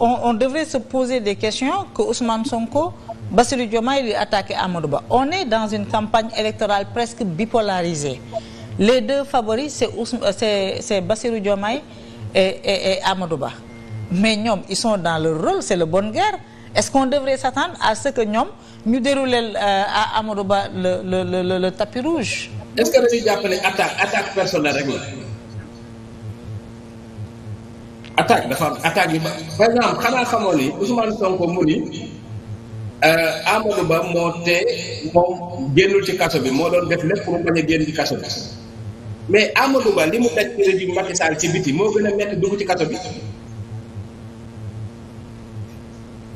on on devrait se poser des questions que Ousmane Sonko Bassirou Diomaye lui attaqué Amadou Ba on est dans une campagne électorale presque bipolarisée les deux favoris c'est Ousmane euh, c'est c'est Bassirou Diomaye et et, et Amadou Ba mais ñoom ils sont dans leur rôle c'est la bonne guerre est-ce qu'on devrait s'attendre à ce que ñoom ñu dérouleel euh, à Amadou Ba le le le le tapis rouge. est-ce que dañuy jàppale attaque attaque rek la attaque dafa am yi yu ba par exemple xanaa xamoon ni Ousmane Sonko mu ni euh, Amadou Ba moo tee moom génnul ci kaso bi moo doon def lépp pour mu bañ a génn ci kaso bi mais Amadou Ba li mu daj ci régime Macky ci biti moo gën a metti dugg ci kaso bi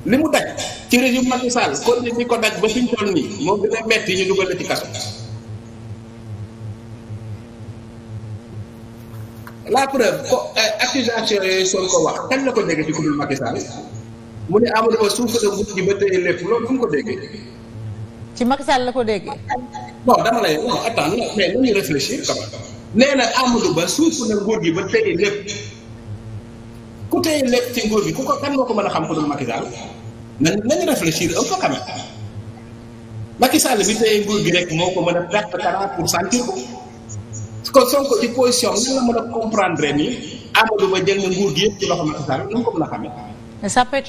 li mu daj ci régime Macky Sall ni ko daj ba fi toll nii moo gën a metti ñu dugal ci kaso la preuve ko euh, accusation yooyu soog ko wax kan la ko déggee ci kuréel Macky Sall mu ne Amadou Ba suuf la nguur gi ko déggee. ci Macky Sall la ko déggee. dama lay non nee na Amadou Ba suuf la nguur gi ba tey lépp ku tey lépp ci nguur gi ku ko kan moo ko mën a xam kuréel Macky Sall nañu nañu réfléchir un peu quand même Macky bi tey nguur gi rek moo ko mën a perte 40 pour cent ko. kon Sonko ci position nan la mën a comprendre ni Amadou Ba jël na nguur gi yëpp ci loxo Macky Sall nu mu ko mën a xamee.